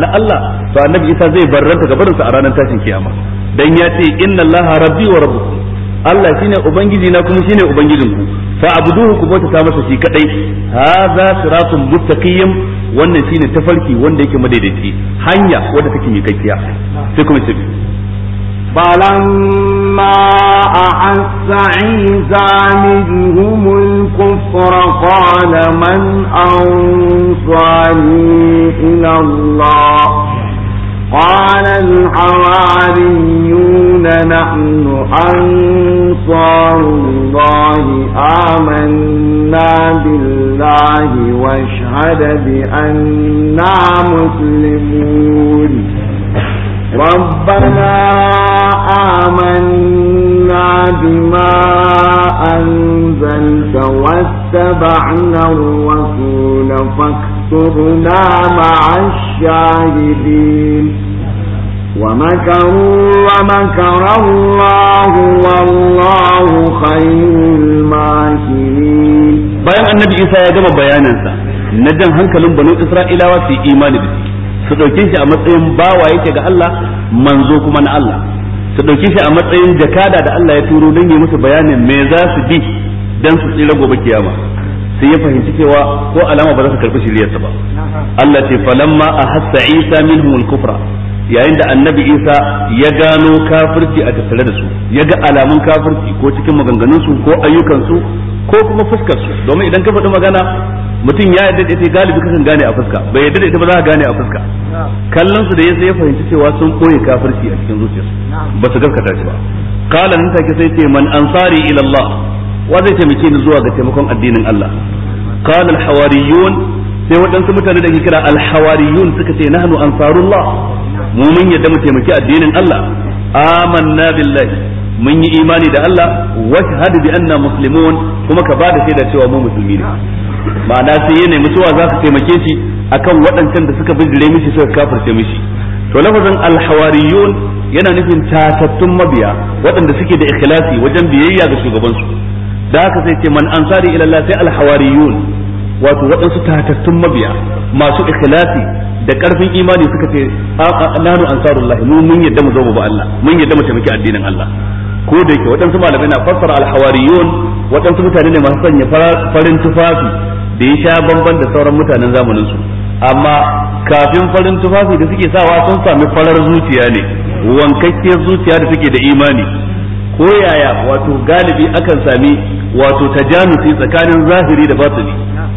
na Allah to annabi Isa zai barranta ga barinsa a ranar tashin kiyama dan ya ce inna Allaha rabbi wa rabbukum Allah shine ubangiji na kuma shine ku fa abuduhu ku bauta masa shi kadai hadha siratun mustaqim wannan shine tafarki wanda yake madaidaici hanya wadda take mikakkiya sai kuma ce balan ما أحس عيسى منهم الكفر قال من أنصاري إلى الله قال الحواريون نحن أنصار الله آمنا بالله واشهد بأننا مسلمون ربنا آمنا بما أنزلت واتبعنا الرسول فاكتبنا مع الشاهدين ومكروا ومكر الله والله خير الماكرين بيان النبي isa ya بيانا bayaninsa na jan hankalin banu isra'ilawa su yi imani su dauke shi a matsayin bawa yake ga Allah manzo kuma na Allah su ɗauki shi a matsayin jakada da Allah ya turo don yi musu bayanin me za su bi don su tsira gobe kiyama sai ya fahimci cewa ko alama ba za su karɓi shiriyarsa ba Allah ce falamma a hassa Isa humul kufra yayin da annabi Isa ya gano kafirci a tattare da su ya ga alamun kafirci ko cikin maganganunsu ko ayyukansu ko kuma fuskarsu domin idan ka faɗi magana mutum ya yarda da ita galibi kakan gane a fuska bai yarda da ita ba za ka gane a fuska kallon su da yasa ya fahimci cewa sun koyi kafirci a cikin zuciyarsu ba su gaskata shi ba kala nan take sai ce man ansari ila Allah wa zai taimake ni zuwa ga taimakon addinin Allah kala al hawariyun sai waɗansu mutane da ke kira al hawariyun suka ce nahnu ansarullah mu mun yarda mu taimaki addinin Allah amanna billahi mun yi imani da Allah wa shahadu bi anna muslimun kuma ka bada shaida cewa mu musulmi ne ma'ana sai ya nemi suwa za su taimake shi akan waɗancan da suka bijire mishi suka kafirce mishi to lafazin alhawariyun yana nufin tatattun mabiya waɗanda suke da ikhlasi wajen biyayya ga shugabansu da haka sai ce man ansari ila Allah sai alhawariyun wato waɗansu tatattun mabiya masu ikhlasi da karfin imani suka ce nanu ansarullah mu mun yadda mu zo ba Allah mun yadda mu taimaki addinin Allah ko da yake waɗansu malamai na fassara alhawariyun waɗansu mutane ne masu sanya farin tufafi da ya sha bamban da sauran mutanen zamanin su amma kafin farin tufafi da suke sawa sun sami farar zuciya ne wankakkiyar zuciya da suke da imani ko yaya wato galibi akan sami wato tajanusi tsakanin zahiri da batini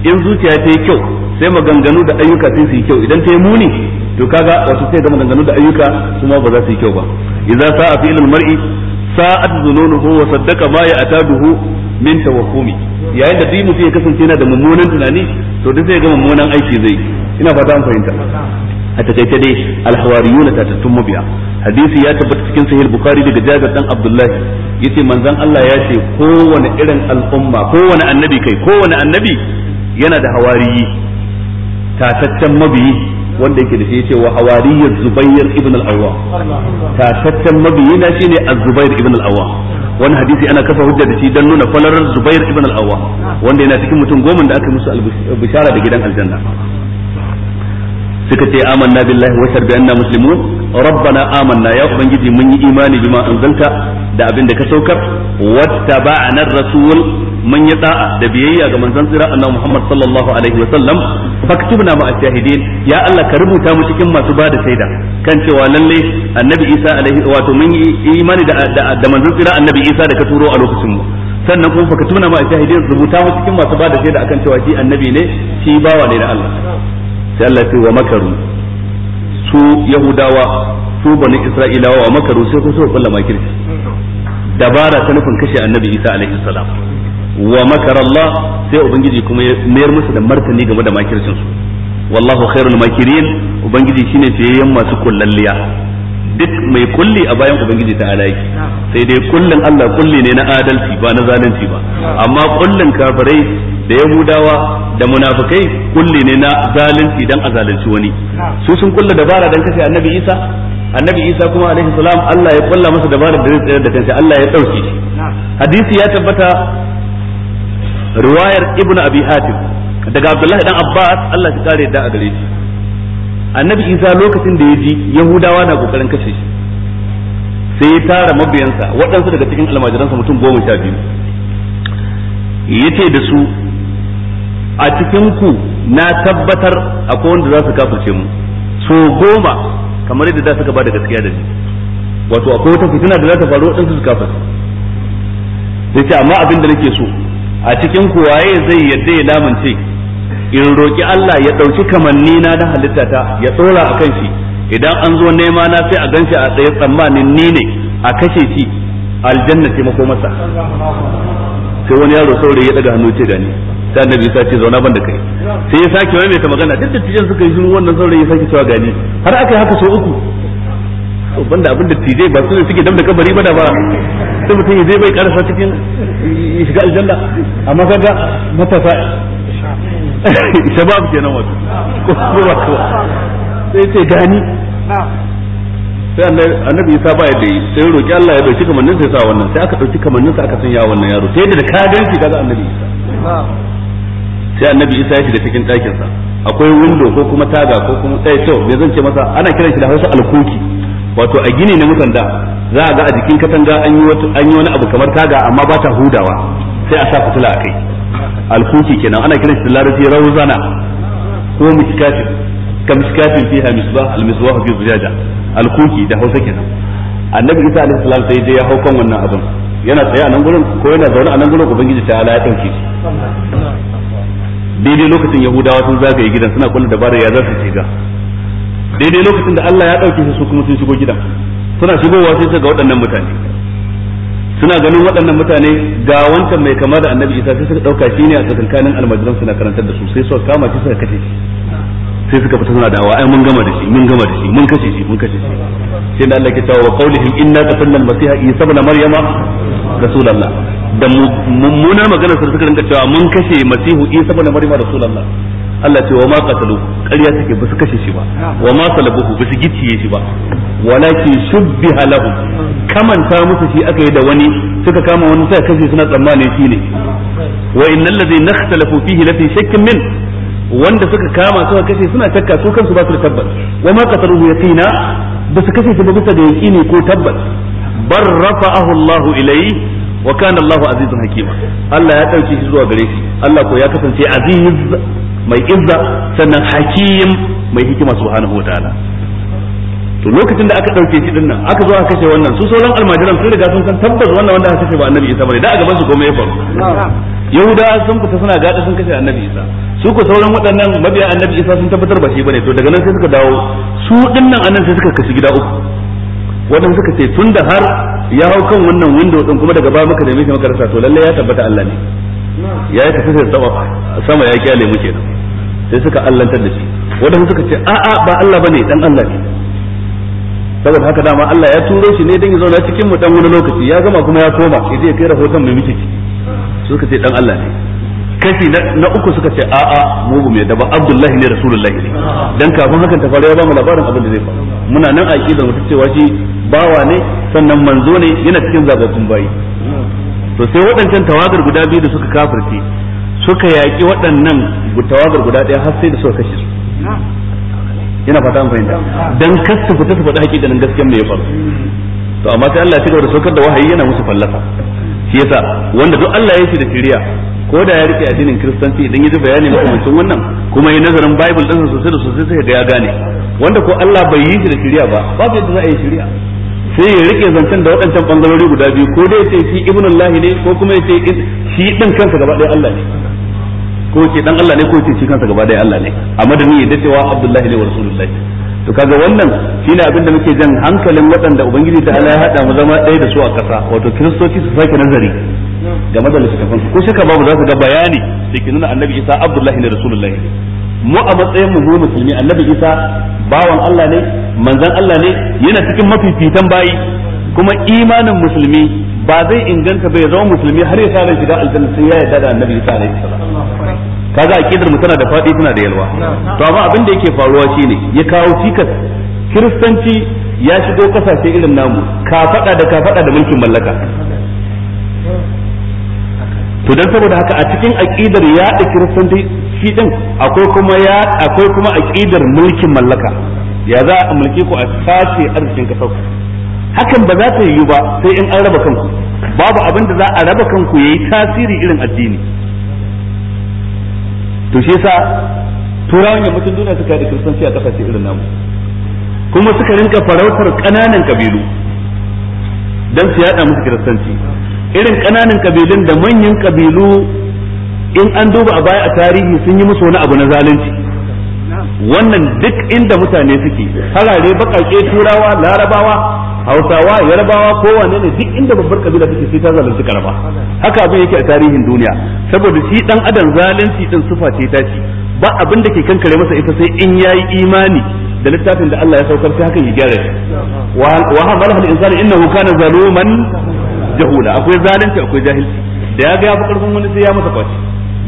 in zuciya ta yi kyau sai maganganu da ayyuka sai su yi kyau idan ta yi muni to kaga wato sai ga maganganu da ayyuka kuma ba za su yi kyau ba idza sa'a fi ilal mar'i sa'at zununuhu wa saddaqa ma ya'taduhu min tawakkumi yayin da duk mutum ya kasance yana da mummunan tunani to duk zai ga mummunan aiki zai ina fata an fahimta a takaice dai alhawariyuna ta tattun mabiya hadisi ya tabbata cikin sahih bukhari daga jabir dan abdullahi yace manzon Allah ya ce kowane irin al'umma kowane annabi kai kowane annabi yana da hawariyi tataccen mabiyi wanda yake da shi yace wa hawariyyu zubayr ibn al-awwam tataccen mabiyi na shine az zubayr ibn al-awwam wani hadisi ana kafa hujja da shi dan nuna falalar Zubair ibn al-Awwam wanda yana cikin mutum goman da aka musu bishara da gidan aljanna suka ce amanna billahi wa shahadu anna muslimun rabbana amanna ya ubangiji mun yi imani bima anzalta da abin da ka saukar wattaba'na rasul mun yi da'a da biyayya ga manzon tsira annabi Muhammad sallallahu alaihi wa sallam faktubna ma ya Allah ka rubuta masu ba shaida kan cewa lalle annabi Isa alaihi wato mun imani da da manzon tsira annabi Isa da ka a mu sannan kuma faktubna ma ashahidin rubuta mu cikin masu ba da shaida akan cewa shi annabi ne shi bawa ne da Allah sai Allah ya ce wa makaru su yahudawa su bani isra'ilawa wa makaru sai ku kullama kirki dabara ta nufin kashe annabi isa alaihi salam wa makar Allah sai ubangiji kuma ya mayar musu da martani game da makircin su wallahu khairul makirin ubangiji shine fiyayyen masu kullalliya duk mai kulli a bayan ubangiji ta alaiki sai dai kullin Allah kulli ne na adalci ba na zalunci ba amma kullin kafirai da yahudawa da munafikai kulli ne na zalunci dan a zalunci wani su sun kulla dabara dan kashe annabi Isa annabi Isa kuma alaihi salam Allah ya kulla masa dabara da zai tsayar da kansa Allah ya dauke shi hadisi ya tabbata riwayar ibnu abi hatim daga abdullahi dan abbas Allah ya kare da a gare shi annabi isa lokacin da ya ji yahudawa na kokarin kashe shi sai ya tara mabiyansa waɗansu daga cikin almajiransa mutum goma sha biyu ya ce da su a cikinku na tabbatar akwai wanda za su kafirce mu so goma kamar yadda da suka ba da gaskiya da ni wato akwai wata fitina da za ta faru waɗansu su kafirce sai ce amma abin da nake so a cikin kuwaye zai yadda ya lamunce in roƙi Allah ya ɗauki kamanni na na halittata ya tsora kan shi idan an zo nema na sai a ganshi a tsaye tsammanin ni ne a kashe shi aljanna ce mako masa sai wani yaro saurayi ya daga hannu ce gani sai annabi ya ce zauna ban da kai sai ya sake wani mai ta magana duk da tijan suka yi shi wannan saurayi ya sake cewa gani har aka yi haka sau uku banda abin da tijai ba su ne suke damda kabari ba da ba sai mutum zai bai karasa cikin shiga aljanna amma kaga matasa shabab kenan wato ko ba ko sai ce gani sai annabi isa ba yadda yi sai roki Allah ya dauki kamannin sai sa wannan sai aka dauki kamannin sa aka sanya wannan yaro sai da ka ganci kaga annabi isa sai annabi isa ya shiga cikin ɗakin sa akwai window ko kuma taga ko kuma tsaye eh, to me zan ce masa ana kiran shi da Hausa alkuki wato a gini na mutan da za a ga a jikin katanga an yi wani abu kamar taga amma ba ta hudawa sai a sa fitila kai. alkuki kenan ana kiran shi larabci rawzana ko miskatin kamskatin fiha misbah almisbah fi zujaja alkuki da Hausa kenan annabi Isa alaihi salam sai dai ya hau kan wannan abin yana tsaye a nan gurin ko yana zaune a nan gurin ubangiji ta ala ya dauke shi daidai lokacin yahudawa sun zagaye gidan suna kullu dabarar ya za su shiga daidai lokacin da Allah ya dauke su kuma sun shigo gidan suna shigowa sai su ga waɗannan mutane suna ganin waɗannan mutane ga wancan mai kama da annabi isa sai suka ɗauka shi ne a tsakankanin almajiran suna karantar da su sai suka kama shi suka kashe shi sai suka fita suna da'awa ai mun gama da shi mun gama da shi mun kashe shi mun kashe shi sai da Allah ke cewa wa qaulihim inna qatalna al-masiha isa ibn maryama rasulullah da mummuna magana sai suka rinka cewa mun kashe masihu isa ibn maryama rasulullah Allah ce wa ma qatalu ƙarya take ba su kashe shi ba wa ma salabuhu ba su gicciye shi ba walakin shubbiha lahu kamanta musu shi aka yi da wani suka kama wani sai kashe suna tsammanin shi ne wa innal ladhina ikhtalafu fihi lafi shakkin min wanda suka kama suka kashe suna shakka su kansu ba su da tabbas wa ma qataluhu yaqina ba su kashe shi ba bisa da yaqini ko tabbas bar rafa'ahu Allahu ilayhi wa kana Allahu azizun hakima Allah ya dauke shi zuwa gare shi Allah ko ya kasance aziz mai izza sannan hakim mai hikima subhanahu wataala to lokacin da aka dauke shi dinnan aka zo aka kashe wannan su sauran almajiran sun riga sun san tabbas wannan wanda aka kashe ba annabi Isa bane da a gaban su kuma ya faru Yahuda sun fita suna gada sun kashe annabi Isa su ko sauran waɗannan mabiya annabi Isa sun tabbatar ba shi bane to daga nan sai suka dawo su dinnan anan sai suka kashi gida uku waɗanda suka ce tun da har ya hau kan wannan window din kuma daga baya muka da shi maka rasa to lalle ya tabbata Allah ne ya yi tafi sai sama sama ya kyale mu kenan sai suka allantar da shi wanda suka ce a'a ba Allah bane dan Allah ne saboda haka dama Allah ya turo shi ne dan ya zauna cikin mu dan wani lokaci ya gama kuma ya koma sai dai kai rahoton mai muke ciki suka ce dan Allah ne kashi na uku suka ce a'a mu bu mai da ba Abdullahi ne Rasulullahi ne dan kafin hakan ta fara ya ba mu labarin abin da zai faru muna nan aqidar mu cewa shi bawa ne sannan manzo ne yana cikin zababbun bayi to sai waɗancan tawagar guda biyu da suka kafirce suka yaƙi waɗannan tawagar guda ɗaya har sai da suka kashe su yana fata an fahimta dan kasta fita su faɗi hakikanin nan me ya faru to amma sai Allah ya cigaba da saukar da wahayi yana musu fallasa shi yasa wanda duk Allah ya shi da shiriya ko da ya rike addinin kiristanci idan ya ji bayani makamancin wannan kuma ya nazarin bible ɗinsa sosai da sosai sai ga ya gane wanda ko Allah bai yi shi da shiriya ba ba yadda za a yi shiriya sai ya rike zancen da waɗancan ɓangarori guda biyu ko dai ce shi ibn Allah ne ko kuma ya ce shi ɗin kansa gaba ɗaya Allah ne ko ce ɗan Allah ne ko ce shi kansa gaba ɗaya Allah ne a madani ya cewa Abdullahi ne wa Rasulullahi to kaga wannan shine abin da muke jan hankalin waɗanda ubangiji ta Allah ya hada mu zama ɗaya da su a ƙasa wato kiristoci su sake nazari game da littafin ko shaka babu za su ga bayani cikin ke nuna annabi Isa Abdullahi ne Rasulullahi mu a matsayin mu musulmi annabi isa bawan Allah ne manzan Allah ne yana cikin mafifitan bayi kuma imanin musulmi ba zai inganta bai zama musulmi har ya sare shiga aljanna sai ya yarda da annabi isa ne kaga akidar mu tana da fadi tana da yalwa to amma abin da yake faruwa shine ya kawo cikas kiristanci ya shigo kasashe irin namu ka fada da ka fada da mulkin mallaka to dan saboda haka a cikin aqidar yaɗa kiristanci shi din akwai kuma ya akwai kuma aqidar mulkin mallaka ya za a mulki ku a sace arzikin kasar ku hakan ba za ta yiwu ba sai in an raba kanku babu abin da za a raba kanku yayi tasiri irin addini to shi yasa turawan yammacin duniya suka yi kiristanci a kasashe irin namu kuma suka rinka farautar ƙananan kabilu dan su yada musu kiristanci irin ƙananan kabilun da manyan kabilu in an duba a baya a tarihi sun yi musu wani abu na zalunci wannan duk inda mutane suke harare baƙaƙe turawa larabawa hausawa yarbawa kowane ne duk inda babbar kabila take sai ta zalunci karaba haka abin yake a tarihin duniya saboda shi dan adam zalunci din sufa ce ta ci ba abin da ke kankare masa ita sai in yayi imani da littafin da Allah ya saukar sai hakan ya gyara shi wa hamal hal insani innahu kana zaluman jahula akwai zalunci akwai jahilci da ya ga ya fi karfin wani sai ya masa kwaci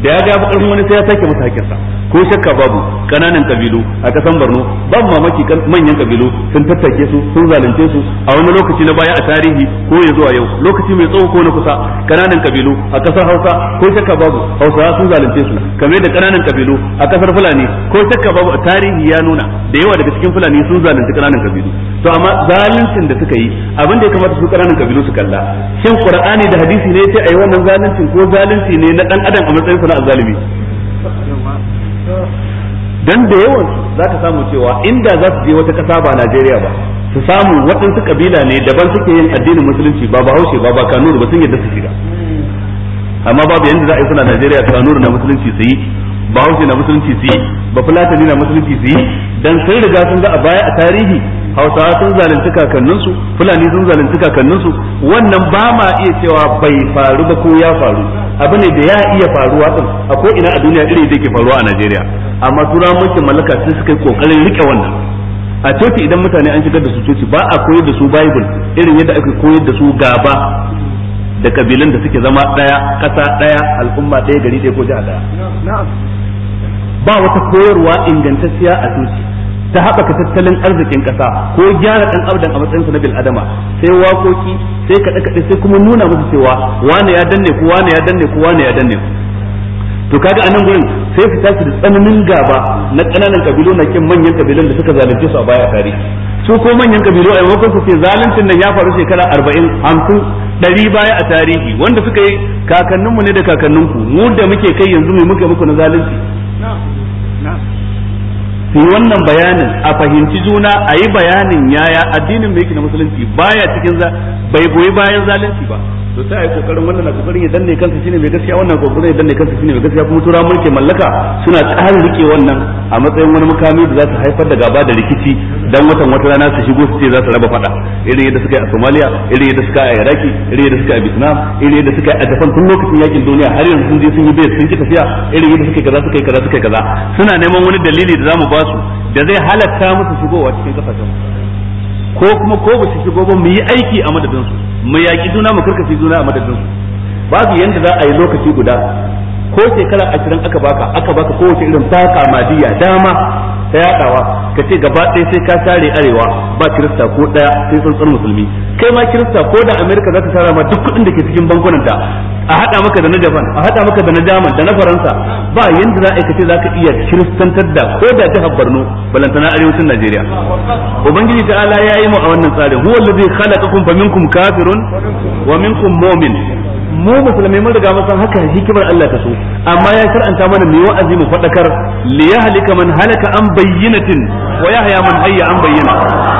da ya ga bakarin wani sai ya sake masa hakinsa ko shakka babu kananan kabilu a kasan Borno ban mamaki manyan kabilu sun tattake su sun zalunce su a wani lokaci na baya a tarihi ko ya zuwa yau lokaci mai tsawo ko na kusa kananan kabilu a kasar Hausa ko shakka babu Hausawa sun zalunce su kamar da kananan kabilu a kasar Fulani ko shakka babu a tarihi ya nuna da yawa daga cikin Fulani sun zalunci kananan kabilu to amma zaluncin da suka yi abin da ya kamata su kananan kabilu su kalla shin Qur'ani da hadisi ne ya ce ai wannan zaluncin ko zalunci ne na dan adam a matsayin na dan da yawan za ka samu cewa inda za su je wata kasa ba Najeriya ba su samu waɗansu kabila ne daban suke yin addinin musulunci ba ba haushe ba ba kanuru ba sun yadda su shiga amma babu yanda za a yi suna Najeriya kanuru na musulunci su yi ba haushe na musulunci su yi ba fulatani na musulunci su yi dan sun riga sun a baya a tarihi hausawa sun zalunci kakanninsu fulani sun zalunci kakanninsu wannan ba ma iya cewa bai faru ba ko ya faru abu ne da ya iya faruwa din a ko ina a duniya irin yake faruwa a Najeriya amma turawan mulkin mallaka sun suka yi kokarin rike wannan a coci idan mutane an shigar da su coci ba a koyar da su bible irin yadda aka koyar da su gaba da kabilan da suke zama daya kasa daya al'umma daya gari daya ko jiha daya ba wata koyarwa ingantacciya a coci da haɓaka tattalin arzikin ƙasa ko gyara ɗan abdan a matsayinsa na bil'adama sai wakoki sai kaɗe kaɗe sai kuma nuna musu cewa wane ya danne ku wane ya danne ku wane ya danne ku to kaga anan gurin sai su tashi da tsananin gaba na ƙananan kabilu na kin manyan kabilun da suka zalunce su a baya tarihi su ko manyan kabilu a yawancin su ce zaluncin nan ya faru shekara arba'in hamsin ɗari baya a tarihi wanda suka yi kakanninmu ne da kakanninku mu da muke kai yanzu mai muke muku na zalunci yi wannan bayanin a fahimci juna a yi bayanin yaya addinin mai na musulunci baya cikin za bai goyi bayan zalunci ba to sai a yi kokarin wannan na kokarin ya danne kansa shine mai gaskiya wannan kokarin ya danne kansa shine mai gaskiya kuma tura mulki mallaka suna tsara rike wannan a matsayin wani mukami da za su haifar da gaba da rikici dan watan wata rana su shigo su ce za su raba fada irin yadda suka yi a Somalia irin yadda suka yi a Iraki irin yadda suka yi a Vietnam irin yadda suka yi a Japan tun lokacin yakin duniya har yanzu sun je sun yi base sun ki tafiya irin yadda suka yi kaza suka yi kaza suka yi kaza suna neman wani dalili da zamu ba su da zai halatta musu shigowa cikin kasashen ko kuma ko ba su shigo ba mu yi aiki a madadin su mu yaki juna mu karkace juna a madadin su su yanda za a yi lokaci guda ko shekara ashirin aka baka aka baka kowace irin baka madiya dama ta yadawa ka ce gaba ɗaya sai ka share arewa ba kirista ko ɗaya sai tsantsar musulmi kai ma kirista ko da amerika za ta tara ma duk kuɗin da ke cikin bankunanta a haɗa maka da na japan a haɗa maka da na jaman da na faransa ba yanda za a kace za ka iya kiristantar da ko da jihar borno balantana arewacin najeriya ubangiji ta'ala ya yi mu a wannan tsarin huwa allazi khalaqakum faminkum kafirun wa minkum mu'min mu musulmai mun riga san haka hikimar Allah ta so amma ya shar'anta mana mai wa'azi mu fadakar li yahlika man halaka an bayyinatin wa yahya man hayya an bayyina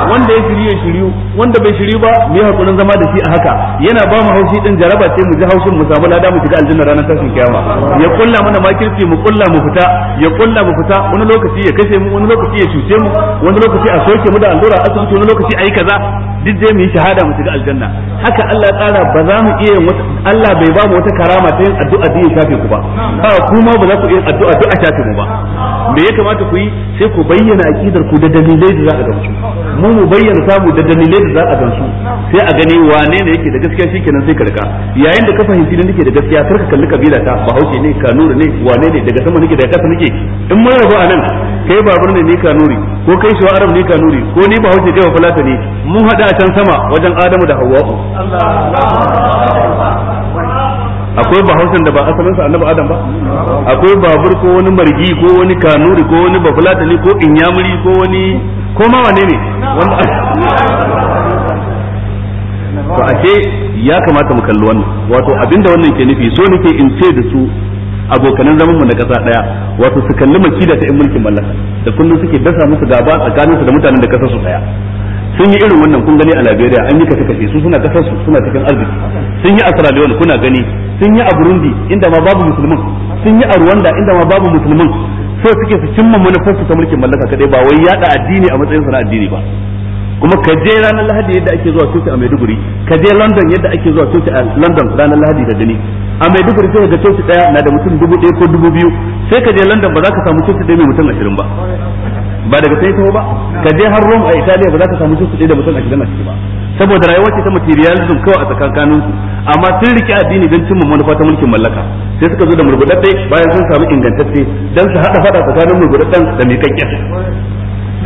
wanda ya shiryu ya shiryu wanda bai shiryu ba mu yi hakurin zama da shi a haka yana ba mu haushi din jaraba sai mu ji haushin mu samu lada mu shiga aljanna ranar tashin kiyama ya kulla mana makirci mu kulla mu fita ya kulla mu fita wani lokaci ya kashe mu wani lokaci ya cuce mu wani lokaci a soke mu da allura asibiti wani lokaci ayi kaza duk dai mu yi shahada mu shiga aljanna haka Allah tsara ba za mu iya wata Allah bai ba mu wata karama ta yin addu'a da ya shafe ku ba ba kuma ba za ku iya addu'a duk a shafe mu ba me ya kamata ku yi sai ku bayyana aqidar ku da dalilai da za a gamsu mu mu bayyana samu da dalilai da za a gamsu sai a gani wane ne yake da gaskiya shikenan sai karka yayin da ka fahimci da nake da gaskiya karka kalli kabila ta bahaushe ne kanuri ne wane ne daga sama nake daga kasa nake in mun rabu a nan kai babur ne ni kanuri ko kai shi arab ne kanuri ko ni bahaushe kai wa falata ne mun hada a can sama wajen adamu da Allah akwai bahausan da ba asalin sa annabi adam ba akwai babur ko wani margi ko wani kanuri ko wani bafulatani ko inyamuri ko wani ko ma wane ne to ashe ya kamata mu kalli wannan wato abinda wannan ke nufi so nake in ce da su abokanan zaman mu na kasa daya wato su kalli makida ta yan mulkin mallaka da kullum suke dasa musu gaba tsakanin su da mutanen da kasar su daya sun yi irin wannan kun gani a Liberia an yi kace kace su suna kasar su suna cikin arziki sun yi a Sierra Leone kuna gani sun yi a Burundi inda ma babu musulmin sun yi a Rwanda inda ma babu musulmin sai suke su cimma manufarsu ta mulkin mallaka kadai ba wai yada addini a matsayin sana addini ba kuma ka je ranar Lahadi yadda ake zuwa coci a Maiduguri ka je London yadda ake zuwa coci a London ranar Lahadi da gani a Maiduguri sai ka coci daya na da mutum dubu ɗaya ko dubu biyu sai ka je London ba za ka samu coci ɗaya mai mutum ashirin ba ba daga sai taho ba ka je har Rome a Italiya ba za ka samu su da mutum a gidan a ciki ba saboda rayuwar ce ta materialism kawai a tsakankanin su amma sun rike addini don cimma manufa ta mulkin mallaka sai suka zo da murgudadde bayan sun samu ingantacce dan su hada fada tsakanin murgudadden da mai kakken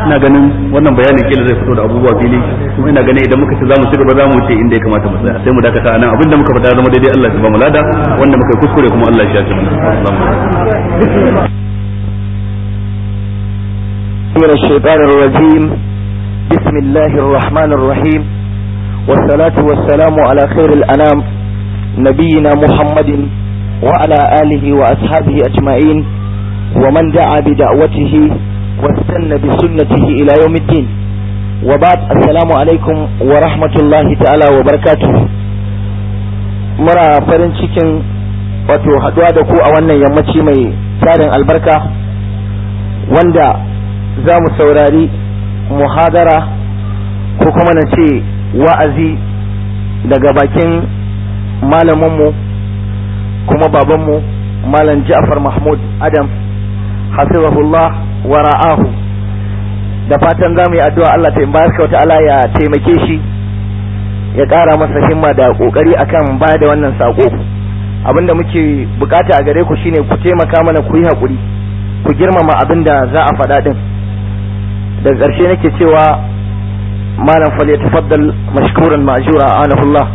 ina ganin wannan bayanin kila zai fito da abubuwa fili kuma ina ganin idan muka ce zamu ci gaba zamu ce inda ya kamata mu tsaya sai mu dakata anan abinda muka fada zama daidai Allah ya ba mu lada wanda muka kuskure kuma Allah ya shafe mu من الشيطان الرجيم بسم الله الرحمن الرحيم والصلاة والسلام على خير الأنام نبينا محمد وعلى آله وأصحابه أجمعين ومن دعا بدعوته واستنى بسنته إلى يوم الدين وبعد السلام عليكم ورحمة الله تعالى وبركاته مرة فرنشيكين wato haɗuwa da ku a wannan yammaci mai tarin albarka wanda za mu saurari muhadara ko kuma na ce wa'azi daga bakin malaminmu kuma babanmu malam ja'far mahmud adam hafizahullah wa ra'ahu da fatan za mu yi addu'a Allah ta baraka wa ta'ala ya taimake shi ya ƙara masa himma da ƙoƙari akan ba da wannan saƙo abinda muke bukata a gare ku shine ku taimaka mana ku yi haƙuri ku girmama abinda za a faɗa ɗin daga ƙarshe nake cewa malam fal ya tafaddal mashkuran ma'jura anahullah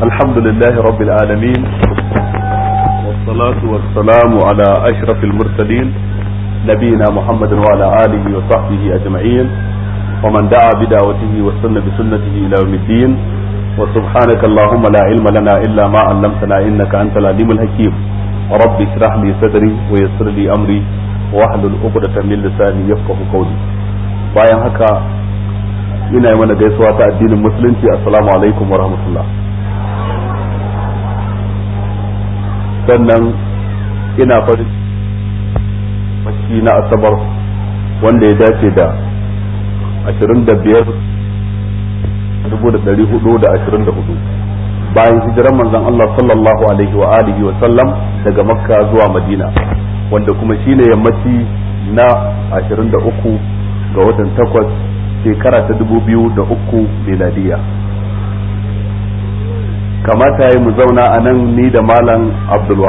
الحمد لله رب العالمين والصلاة والسلام على أشرف المرسلين نبينا محمد وعلى آله وصحبه أجمعين ومن دعا بدعوته وسن بسنته إلى يوم الدين وسبحانك اللهم لا علم لنا إلا ما علمتنا إنك أنت العليم الحكيم رب اشرح لي صدري ويسر لي أمري واحلل عقدة من لساني يفقه قولي bayan haka ina yi mana gaisuwa ta addinin musulunci assalamu alaikum wa rahmatullah sannan ina farin ciki na asabar wanda ya dace da 25 1424 bayan hijirar manzon Allah sallallahu alaihi wa alihi wa sallam daga Makka zuwa Madina wanda kuma shine yammaci na 23 ga watan 8 shekara ta 2003 miladiya kamata yi mu zauna a nan ni da malam Abdul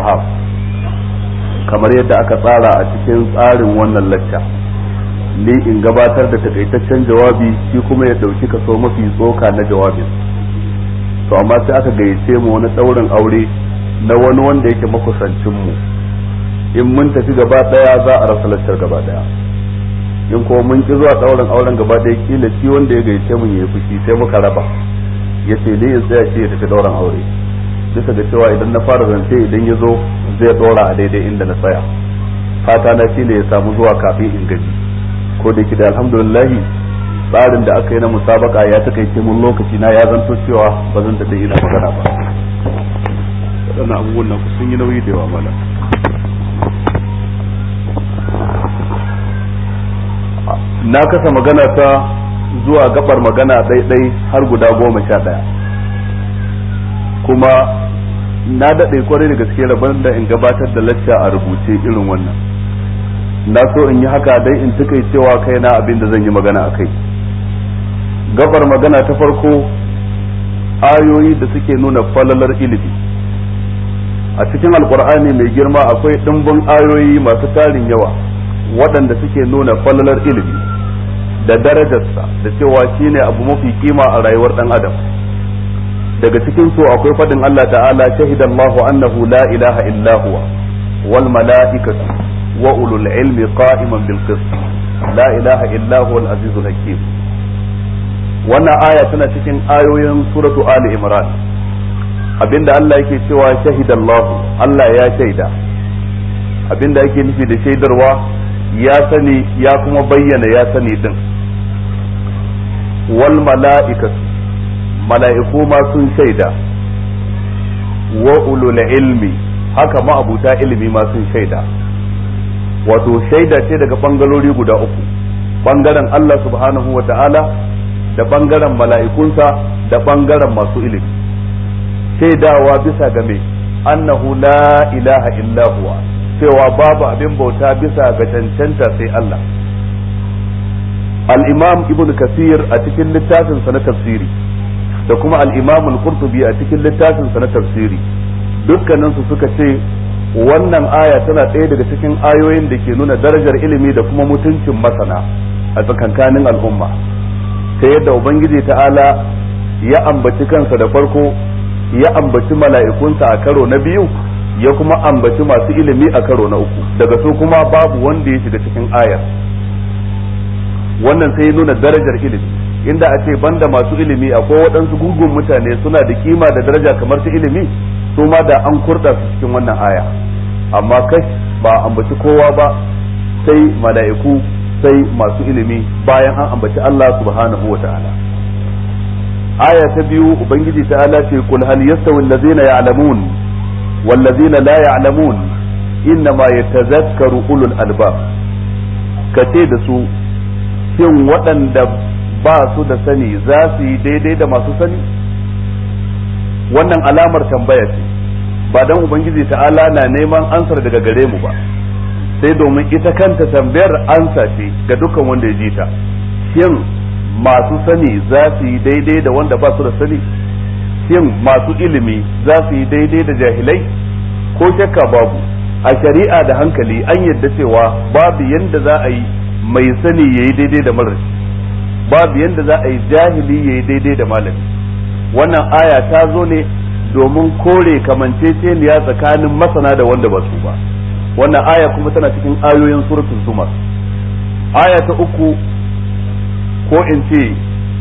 kamar yadda aka tsara a cikin tsarin wannan lacca ni in gabatar da takaitaccen jawabi shi kuma ya dauki kaso mafi tsoka na jawabin to amma sai aka gayyace mu wani daurin aure na wani wanda yake makusancin mu in mun tafi gaba daya za a rasa laccar gaba daya in kuma mun ki zuwa daurin auren gaba daya kila shi wanda ya gayyace mu yayi fushi sai muka raba yace ni in tsaya shi ya tafi daurin aure bisa da cewa idan na fara zance idan ya zo zai dora a daidai inda na tsaya fata na ne ya samu zuwa kafin in gaji ko da yake da alhamdulillah tsarin da aka yi na musabaka ya takaice mun lokaci na ya zanto cewa ba zan daɗe ina magana ba waɗannan abubuwan na sun yi nauyi da yawa mala na kasa magana ta zuwa gabar magana ɗaiɗai har guda goma sha ɗaya kuma na daɗe kwarai da gaske rabon da in gabatar da lacca a rubuce irin wannan na so in yi haka dai in tukai cewa kai na abin da zan yi magana a kai gabar magana ta farko ayoyi da suke nuna falalar ilimi a cikin alkur'ani mai girma akwai ɗimbin ayoyi masu tarin yawa waɗanda suke nuna falalar ilimi da darajarsa da cewa shi ne abu mafi kima a rayuwar ɗan adam daga cikin su akwai faɗin Allah ta'ala shahidallahu annahu la ilaha illa wal mala'ikatu wa ulul ilmi qa'iman bil qist la ilaha illa huwa al azizul hakim wannan aya tana cikin ayoyin suratu ali imran abinda Allah yake cewa shahidallahu Allah ya shaida abinda yake nufi da shaidarwa ya sani ya kuma bayyana ya sani din wal mala'ikatu mala'iku ma sun shaida wa ulul ilmi haka ma'abuta ilimi ma sun shaida wato shaida ce daga bangalori guda uku bangaren Allah subhanahu wa ta'ala da bangaren mala'ikunsa da bangaren masu ilimi shaidawa bisa game annahu la ilaha illa huwa cewa babu abin bauta bisa ga cancanta sai Allah al-imam ibn kasir a cikin littafinsa na tafsiri da kuma al-imam al-qurtubi a cikin littafinsa na tafsiri dukkaninsu suka ce wannan aya tana ɗaya daga cikin ayoyin da ke nuna darajar ilimi da kuma mutuncin masana a tsakankanin al'umma ta yadda ubangiji ta'ala ya ambaci kansa da farko ya ambaci mala'ikunsa a karo na biyu ya kuma ambaci masu ilimi a karo na uku daga su kuma babu wanda ya shiga cikin aya wannan sai ya nuna darajar ilimi inda a ce banda masu ilimi akwai waɗansu gugun mutane suna da kima da daraja kamar su ilimi su ma da an kurɗa su cikin wannan aya amma kai ba ambaci kowa ba sai mala'iku sai masu ilimi bayan an ambaci Allah subhanahu wa ta'ala aya ta biyu ubangiji ala ce kul hal yastawi allazina ya'lamun wal la ya'lamun ma yatazakkaru ulul albab kace da su shin waɗanda ba su da sani za su yi daidai da masu sani wannan alamar tambaya ce ba dan ubangiji ta'ala na neman ansar daga gare mu ba sai domin ita kanta tambayar ansa ce ga dukkan wanda ya ji ta shin masu sani za su yi daidai da wanda ba su da sani shin masu ilimi za su yi daidai da jahilai ko shakka babu a shari'a da hankali an yadda cewa babu yanda za a yi mai sani ya yi daidai da malami babu yanda za a yi jahili ya yi daidai da malami wannan aya ta zo ne domin kore kamanceceniya tsakanin masana da wanda ba su ba wannan aya kuma tana cikin ayoyin suratul zumar aya ta uku ko in ce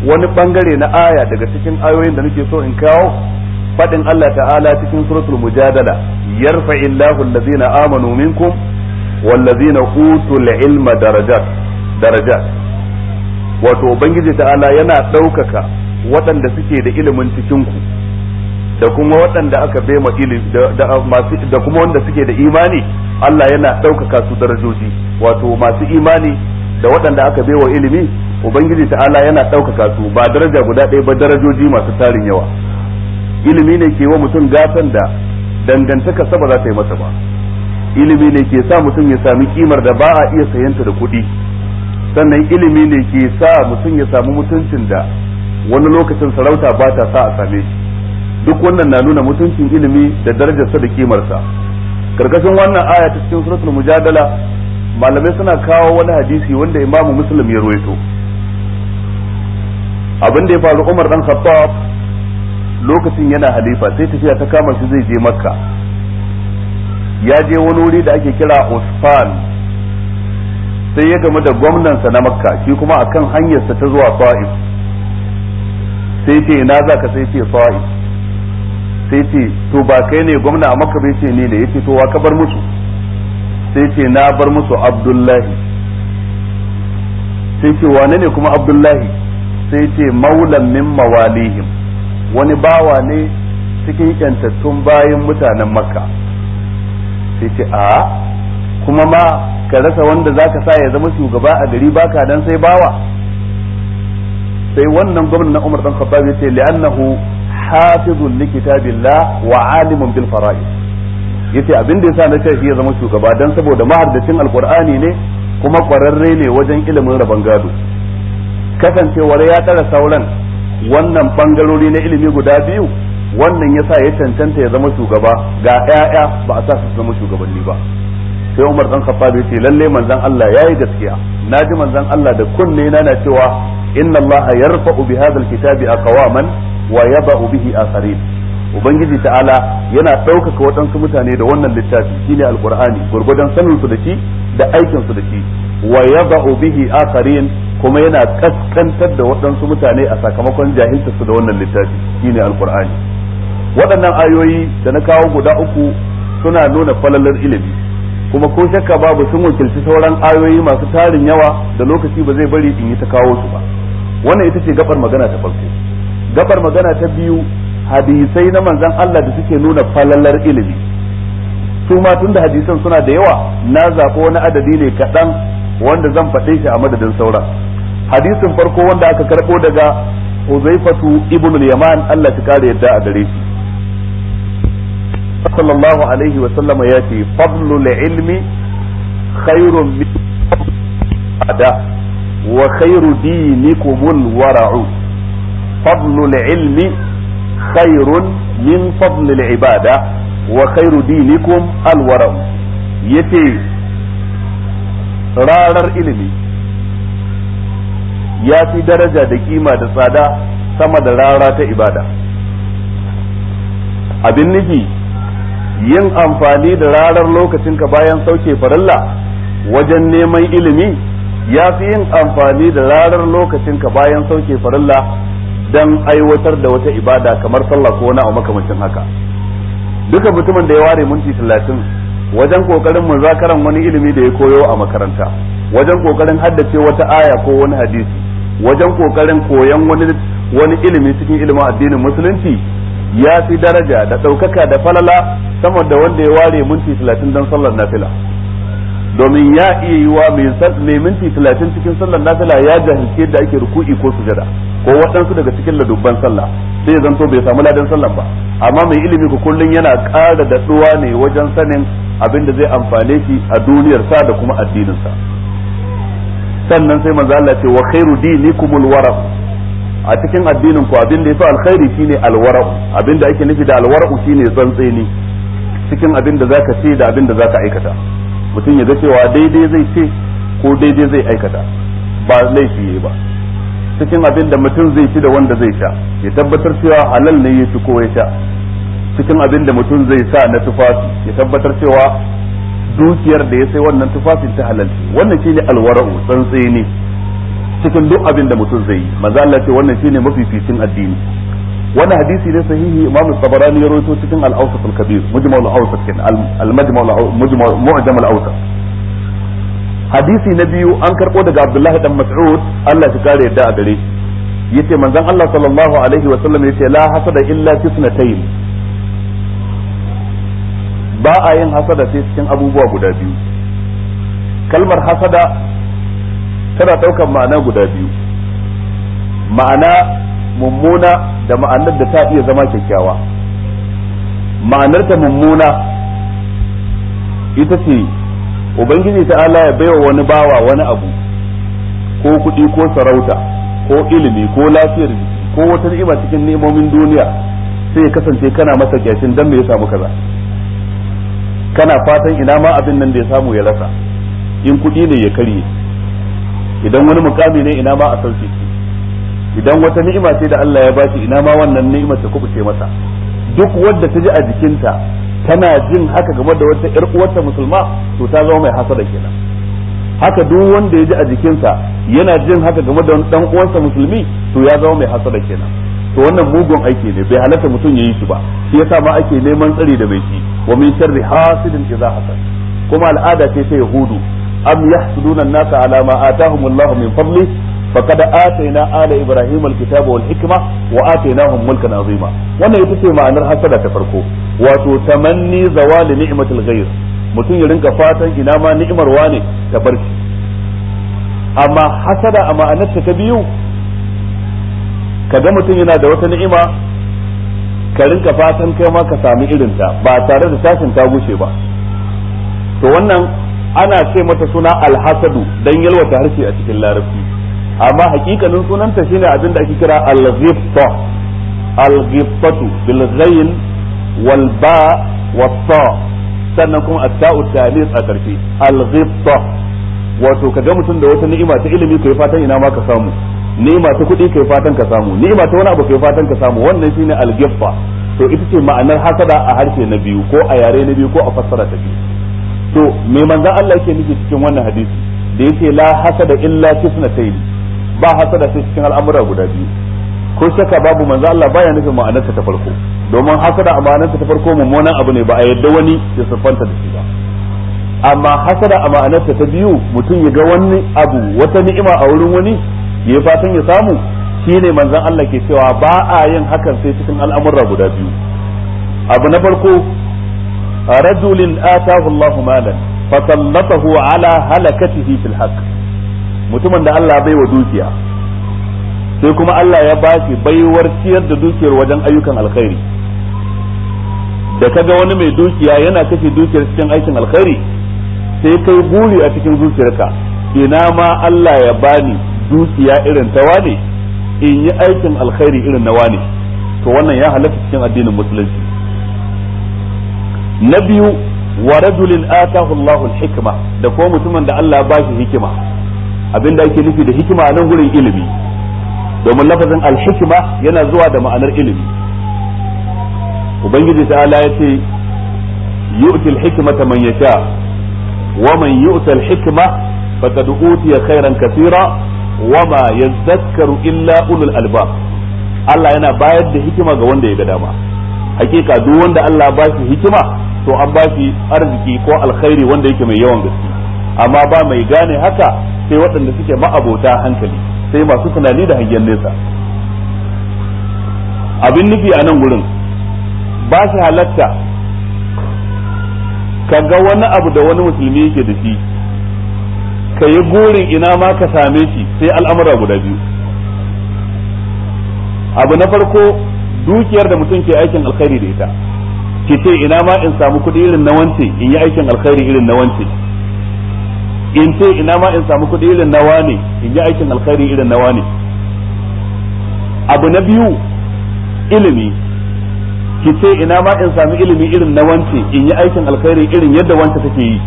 wani bangare na aya daga cikin ayoyin da nake so in kawo fadin Allah ta'ala cikin suratul mujadala yarfa'illahu allazina amanu minkum wallazina utul ilma darajat darajat wato ubangiji ta'ala yana ɗaukaka waɗanda suke da ilimin cikin ku da kuma waɗanda aka bai ma da kuma wanda suke da imani Allah yana ɗaukaka su darajoji wato masu imani da waɗanda aka bai wa ilimi ubangiji ta'ala yana ɗaukaka su ba daraja guda ɗaya ba darajoji masu tarin yawa ilimi ne ke wa mutum gatan da dangantaka saba za ta yi masa ba ilimi ne ke sa mutum ya sami kimar da ba a iya sayanta da kuɗi sannan ilimi ne ke sa mutum ya samu mutuncin da wani lokacin sarauta ba ta sa a same shi duk wannan na nuna mutuncin ilimi da darajarsa da kimarsa karkashin wannan aya ta cikin suratul mujadala malamai suna kawo wani hadisi wanda imamu muslim ya ruwaito abin da ya faru umar dan khattab lokacin yana halifa sai tafiya ta kama shi zai je makka ya je wani wuri da ake kira usfan sai ya gamu da gwamnansa na makka shi kuma akan hanyarsa ta zuwa fa'if sai ce ina za ka sai ce sawai sai ce to ba kai ne gwamna a makka bai ce ni ne yace to wa ka bar musu sai ce na bar musu abdullahi sai ce wane ne kuma abdullahi sai ce maulan min mawalihim wani bawa ne cikin yantattun bayan mutanen makka sai ce a kuma ma ka rasa wanda zaka sa ya zama shugaba a gari baka dan sai bawa sai wannan gwamnati na Umar dan Khattab yace li'annahu hafizul likitabillah wa alimun bil fara'id yace abin da yasa na ce shi ya zama shugaba dan saboda mahaddacin alqur'ani ne kuma kwararre ne wajen ilimin rabon gado kasancewar ya tsara sauran wannan bangarori na ilimi guda biyu wannan yasa ya cancanta ya zama shugaba ga 'ya'ya ba a sa su zama shugabanni ba sai Umar dan Khattab yace lalle manzon Allah yayi gaskiya naji manzon Allah da kunne na na cewa inna Allah yarfa'u bi hadha alkitabi aqwaman wa yaba'u bihi akharin ubangiji ta'ala yana ɗaukaka waɗansu mutane da wannan littafi shine alqur'ani gurgudan sanin su da shi da aikin su da shi wa yada'u bihi akharin kuma yana kaskantar da waɗansu mutane a sakamakon jahilta su da wannan littafi shine alqur'ani waɗannan ayoyi da na kawo guda uku suna nuna falalar ilimi kuma ko shakka babu sun wakilci sauran ayoyi masu tarin yawa da lokaci ba zai bari in yi ta kawo su ba wannan ita ce gabar magana ta farko gabar magana ta biyu hadisai na manzan Allah da suke nuna falalar ilimi su ma tun da hadisan suna da yawa na zaɓo wani adadi ne kaɗan wanda zan faɗe shi a madadin sauran hadisin farko wanda aka karɓo daga Huzaifatu ibn al-Yaman Allah ta kare yadda a gare shi sallallahu alaihi wa sallama ya ce fadlul ilmi khairun min ada wa khairu dinikumul wara'u fadlul ilmi khairun min fadlil ibada wa khairu dinikum al wara'u yace rarar ilimi ya fi daraja da kima da tsada sama da rara ta ibada abin nufi yin amfani da rarar lokacinka bayan sauke farilla wajen neman ilimi ya fi yin amfani da rarar lokacinka bayan sauke farilla don aiwatar da wata ibada kamar sallah ko wani abu makamancin haka duka mutumin da ya ware minti talatin wajen kokarin muzakaran wani ilimi da ya koyo a makaranta wajen kokarin haddace wata aya ko wani hadisi wajen kokarin koyon wani ilimi cikin ilimin addinin musulunci ya fi daraja da ɗaukaka da falala sama da wanda ya ware minti talatin don sallar nafila domin ya iya yi wa mai minti talatin cikin sallar nafila ya jahilce da ake ruku'i ko sujada ko waɗansu daga cikin ladubban sallah sai ya zanto bai samu ladan sallar ba amma mai ilimi ku kullum yana ƙara daɗuwa ne wajen sanin abin da zai amfane shi a duniyar sa da kuma addininsa sannan sai manzo Allah ce wa khairu dinikumul waraq a cikin addinin ku abin da yafi alkhairi shine alwara abin da ake nufi da alwara shine tsantseni cikin abin da zaka ce da abin da zaka aikata mutum ya ga cewa daidai zai ce ko daidai zai aikata ba laifi yayi ba cikin abin da mutum zai ci da wanda zai sha ya tabbatar cewa halal ne ya ci ko ya sha cikin abin da mutum zai sa na tufafi ya tabbatar cewa dukiyar da ya sai wannan tufafin ta halal wannan shine alwara'u tsantseni cikin duk abin da mutum zai yi manzo Allah ce wannan shine mafificin addini wannan hadisi ne sahihi Imam Tabarani ya rawaito cikin Al-Awsat Al-Kabir Mujmal Al-Awsat kin Al-Mujmal Mujmal Mu'jam Al-Awsat hadisi na biyu an karbo daga Abdullah dan Mas'ud Allah ya kare yadda a gare yace manzon Allah sallallahu alaihi wa sallam yace la hasada illa fitnatayn ba a yin hasada sai cikin abubuwa guda biyu kalmar hasada tana daukan ma'ana guda biyu ma'ana mummuna da ma'anar da ta iya zama kyakkyawa ma'anar ta mummuna ita ce ubangiji ta allah ya baiwa wani bawa wani abu ko kuɗi ko sarauta ko ilimi ko lafiyar jiki ko wata ni'ima cikin ni'imomin duniya sai ya kasance kana masa kyashin dan me ya samu kaza kana fatan ina ma abin nan da ya samu ya rasa in kuɗi ne ya karye idan wani mukami ne ina ma a sauke shi idan wata ni'ima ce da Allah ya bashi ina ma wannan ni'imar ta kubuce masa duk wanda ta ji a jikinta tana jin haka game da wata ƴar uwarta musulma to ta zama mai hasada kenan haka duk wanda ya ji a jikinsa yana jin haka game da dan uwansa musulmi to ya zama mai hasada kenan to wannan mugun aiki ne bai halatta mutum yayi shi ba shi yasa ma ake neman tsari da bai shi wa min sharri hasidin idza hasad kuma al'ada ce ta yahudu am yahsuduna an-nasa ala ma atahum Allahu min fadli faqad ataina ala ibrahim al wal hikma wa atainahum mulkan azima wannan ita ce ma'anar hasada ta farko wato tamanni zawali ni'matil ghayr mutum ya rinka fatan ina ma ni'imar wane ta barki amma hasada a ma'anarta ta biyu kaga mutum yana da wata ni'ima ka rinka fatan kai ma ka sami irinta ba tare da tashin ta gushe ba to wannan ana ce mata suna alhasadu dan yalwata harshe a cikin larabci amma hakikanin sunanta shine abin da ake kira al-ghibta al-ghibtatu bil ghayl wal ba wa ta sannan kuma at-ta'u talis a karfi al-ghibta wato kaga mutum da wata ni'ima ta ilimi kai fatan ina ma ka samu ni'ima ta kuɗi kai fatan ka samu ni'ima ta wani abu kai fatan ka samu wannan shine al to ita ce ma'anar hasada a harshe na biyu ko a yare na biyu ko a fassara ta biyu to me manzan Allah yake nufi cikin wannan hadisi da yake la hasada illa kisnatayn ba hasada sai cikin al'amura guda biyu ko shaka babu manzan Allah baya nufin ma'anarsa ta farko domin hasada a ma'anarsa ta farko mummunan abu ne ba a yadda wani ya siffanta da shi ba amma hasada a ma'anarsa ta biyu mutum ya ga wani abu wata ni'ima a wurin wani ya yi fatan ya samu shine manzan Allah ke cewa ba a yin hakan sai cikin al'amura guda biyu abu na farko rajulin atahu malan fasallatahu ala halakatihi mutumin da Allah bai wa dukiya sai kuma Allah ya bashi baiwar ciyar da dukiyar wajen ayyukan alkhairi da kaga wani mai dukiya yana kashe dukiyar cikin aikin alkhairi sai kai buri a cikin zuciyarka ina ma Allah ya bani dukiya irin ta wane in yi aikin alkhairi irin na wane to wannan ya halatta cikin addinin musulunci na biyu wa rajulin atahu Allahu al-hikma da ko mutumin da Allah ba shi hikima abinda ake nufi da hikima a nan gurin ilimi domin lafazin al-hikma yana zuwa da ma'anar ilimi ubangiji ta'ala yace yu'til hikmata man yasha wa man yu'tal hikma faqad utiya khairan katira wa ma yadhakkaru illa ulul albab Allah yana bayar da hikima ga wanda ya ga dama hakika duk wanda Allah ba shi hikima to an ba shi arziki ko alkhairi wanda yake mai yawan gaske amma ba mai gane haka sai waɗanda suke ma'abota hankali sai masu tunani da hangen nesa abin nufi a nan wurin ba shi halatta ka ga wani abu da wani musulmi yake da shi ka yi burin ina ma ka same shi sai al'amura guda biyu abu na farko dukiyar da mutum ke aikin alkhairi da ita ki ce ina ma in samu kuɗi irin na wance in yi aikin alkhairi irin na wance in ce ina ma in samu kuɗi irin na wane in yi aikin alkhairi irin na wane abu na biyu ilimi ki ce ina ma in sami ilimi irin na wance in yi aikin alkhairi irin yadda wance take yi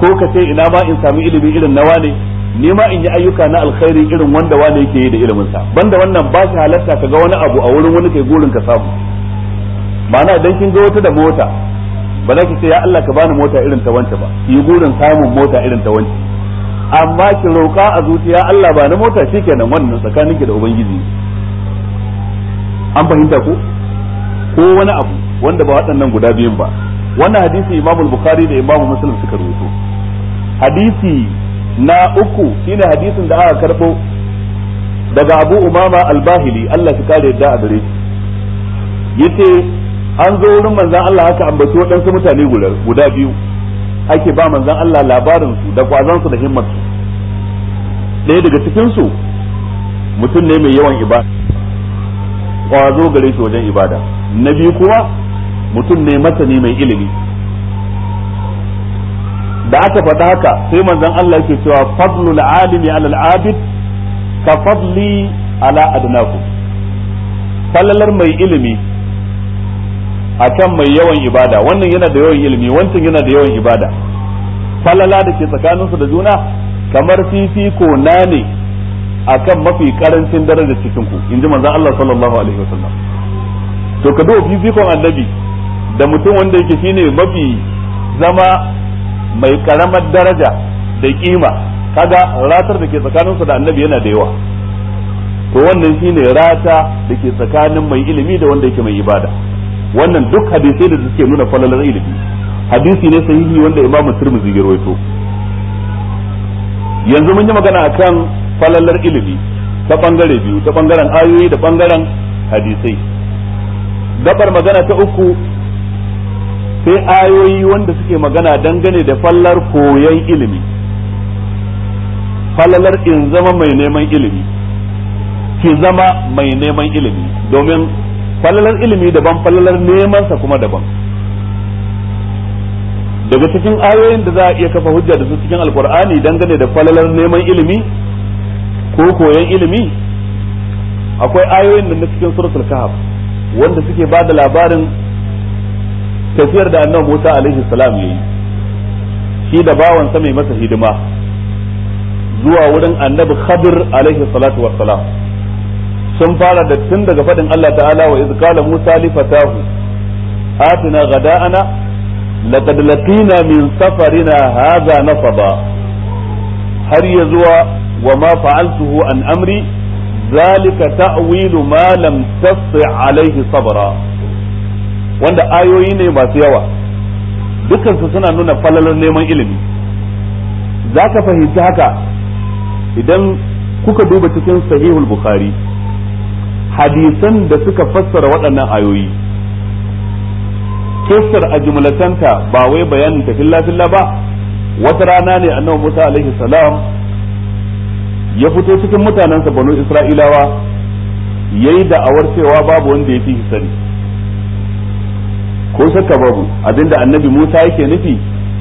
ko ka ce ina ma in sami ilimi irin na wane ne ma in yi ayyuka na alkhairi irin wanda wani yake yi da ilimin sa banda wannan ba shi halatta ka ga wani abu a wurin wani kai gurin ka samu ma'ana idan kin ga wata da mota ba za ki ce ya Allah ka bani mota irin ta wance ba yi gurin samun mota irin ta wance amma ki roƙa a zuciya Allah ba na mota shikenan wannan tsakanin ki da ubangiji an fahimta ko ko wani abu wanda ba waɗannan guda biyun ba wannan hadisi imamu bukhari da imamu muslim suka rubuto hadisi na uku shine hadisin da aka karbo daga Abu Umama al-Bahili Allah ya kare da a yace an zo wurin manzon Allah haka ambaci waɗansu mutane guda biyu ake ba manzon Allah labarin su da kwazon su da himmar su ɗaya daga cikin su mutum ne mai yawan ibada kwazo gare shi wajen ibada na biyu kuwa mutum ne masani mai ilimi da aka faɗa haka sai manzon Allah yake cewa fadlul alimi alal abid ka fadli ala adnakum fallalar mai ilimi akan mai yawan ibada wannan yana da yawan ilimi wancan yana da yawan ibada falala da ke tsakaninsu da juna kamar fifiko na ne akan mafi karancin daraja cikin ku in ji manzon Allah sallallahu alaihi wasallam to ka duba fifikon annabi da mutum wanda yake shine mafi zama mai karamar daraja da kima kaga ratar da ke su da annabi yana da yawa to wannan shine rata da ke tsakanin mai ilimi da wanda yake mai ibada wannan duk hadisai da suke nuna falalar ilimi hadisi ne sahihi wanda imamu tirmidhi ya rawaito yanzu mun yi magana akan falalar ilimi ta bangare biyu ta bangaren ayoyi da bangaren hadisai gabar magana ta uku sai ayoyi wanda suke magana dangane da fallar koyon ilimi fallar in zama mai neman ilimi ki zama mai neman ilimi domin fallar ilimi daban neman nemansa kuma daban daga cikin ayoyin da za a iya kafa hujja da su cikin alkur'ani dangane da fallar neman ilimi ko koyon ilimi akwai ayoyin da na cikin suratul kahf wanda suke ba da labarin tafiyar da annabi Musa alaihi salam yayi shi da bawan sa mai masa hidima zuwa wurin annabi Khadir alaihi salatu wassalam sun fara da tun daga fadin Allah ta'ala wa iz qala Musa li fatahu atina ghada'ana laqad laqina min safarina hadha nasaba har ya zuwa wa ma fa'altuhu an amri zalika ta'wilu ma lam tasti alaihi sabra wanda ayoyi ne masu yawa dukansu suna nuna falalar neman ilimi za ka fahimci haka idan kuka duba cikin sahihul bukhari hadisan da suka fassara waɗannan ayoyi kissar a jimlatanta ba wai bayanin tafilla filla ba wata rana ne annabi Musa alaihi salam ya fito cikin mutanensa banu Isra'ilawa ya yi da'awar cewa babu wanda ya fi sani ko shakka babu abinda annabi Musa yake nufi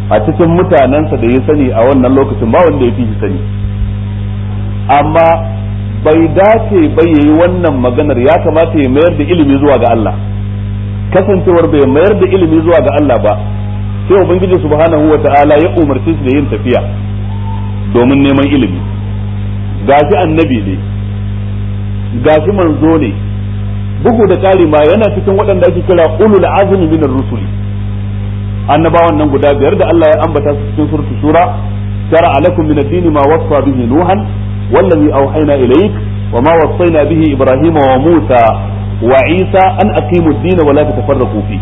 a cikin mutanensa da ya sani a wannan lokacin ba wanda ya fi shi sani amma bai dace bai yayi wannan maganar ya kamata ya mayar da ilimi zuwa ga Allah kasancewar bai mayar da ilimi zuwa ga Allah ba sai ubangiji subhanahu wata'ala ya umarci shi da yin tafiya domin neman ilimi gashi annabi ne gashi manzo ne bugu da ƙari ma yana cikin waɗanda ake kira ulul azmi min ar-rusul annabawan nan guda biyar da Allah ya ambata su cikin suratu sura tara lakum min ad-din ma wasa bihi nuhan wallazi awhayna ilayk wa ma wasayna bihi ibrahima wa musa wa isa an aqimu ad-din wa la tatafarraqu fi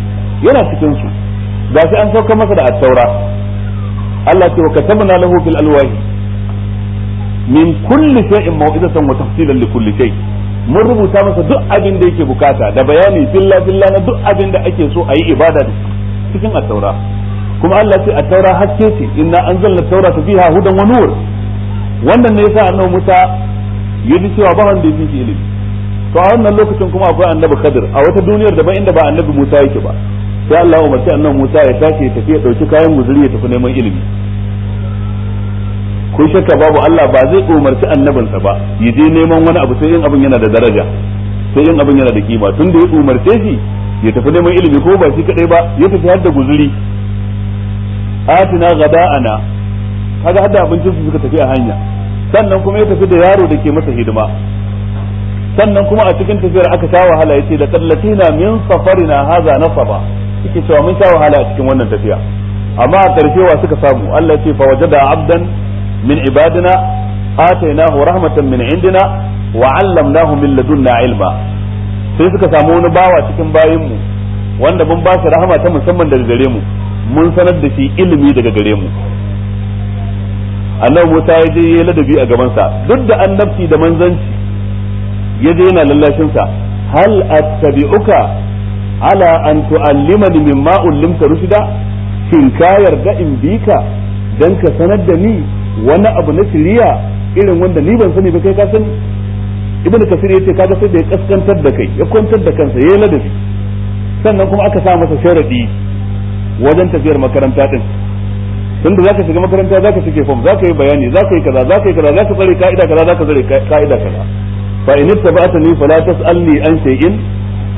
yana cikin su ga sai an sauka masa da at-taura Allah ce wa katabna lahu fil alwahi min kulli shay'in maw'izatan wa tafsilan li kulli shay' mun rubuta masa duk abin da yake bukata da bayani filla filla na duk abin da ake so a yi ibada da cikin attaura kuma Allah sai attaura taura haske ce inna anzalna at-taura fiha hudan wa nur wannan ne yasa annabi Musa ya ji cewa ba wanda yake ilimi to a wannan lokacin kuma akwai annabi Khadir a wata duniyar ba inda ba annabi Musa yake ba sai Allah ya umarci annabi Musa ya tashi ya tafi ya dauki kayan muzuri ya tafi neman ilimi ko shakka babu Allah ba zai umarci annabinsa ba ya je neman wani abu sai yin abin yana da daraja sai yin abin yana da kima tun da ya umarce shi ya tafi neman ilimi ko ba shi kadai ba ya tafi har da guzuri atina gada'ana kaga hadda abincin su suka tafi a hanya sannan kuma ya tafi da yaro da ke masa hidima sannan kuma a cikin tafiyar aka sha wahala ya ce da na min safarina haza nasaba yake cewa mun sha wahala a cikin wannan tafiya amma a karshe wa suka samu Allah ya ce fa wajada abdan min ibadina nahu rahmatan min indina wa nahu min ladunna ilma sai suka samu wani bawa cikin bayanmu wanda mun ba shi rahama ta musamman daga gare mu mun sanar da shi ilimi daga gare mu annabi Musa ya je ya ladabi a gaban sa duk da annabci da manzanci ya je yana lallashin sa hal attabi'uka ala an tu'allimani mimma ullimta rushida shin ka yarda in bika dan ka sanar da ni wani abu na shiriya irin wanda ni ban sani ba kai ka sani ibn kasir yace kaga sai da ya kaskantar da kai ya kwantar da kansa yayi ladabi sannan kuma aka sa masa sharadi wajen tafiyar makaranta din tunda zaka shiga makaranta zaka shige form zaka yi bayani zaka yi kaza zaka yi kaza zaka tsare ka'ida kaza zaka tsare ka'ida kaza fa in ittaba'tani fala tas'alni an shay'in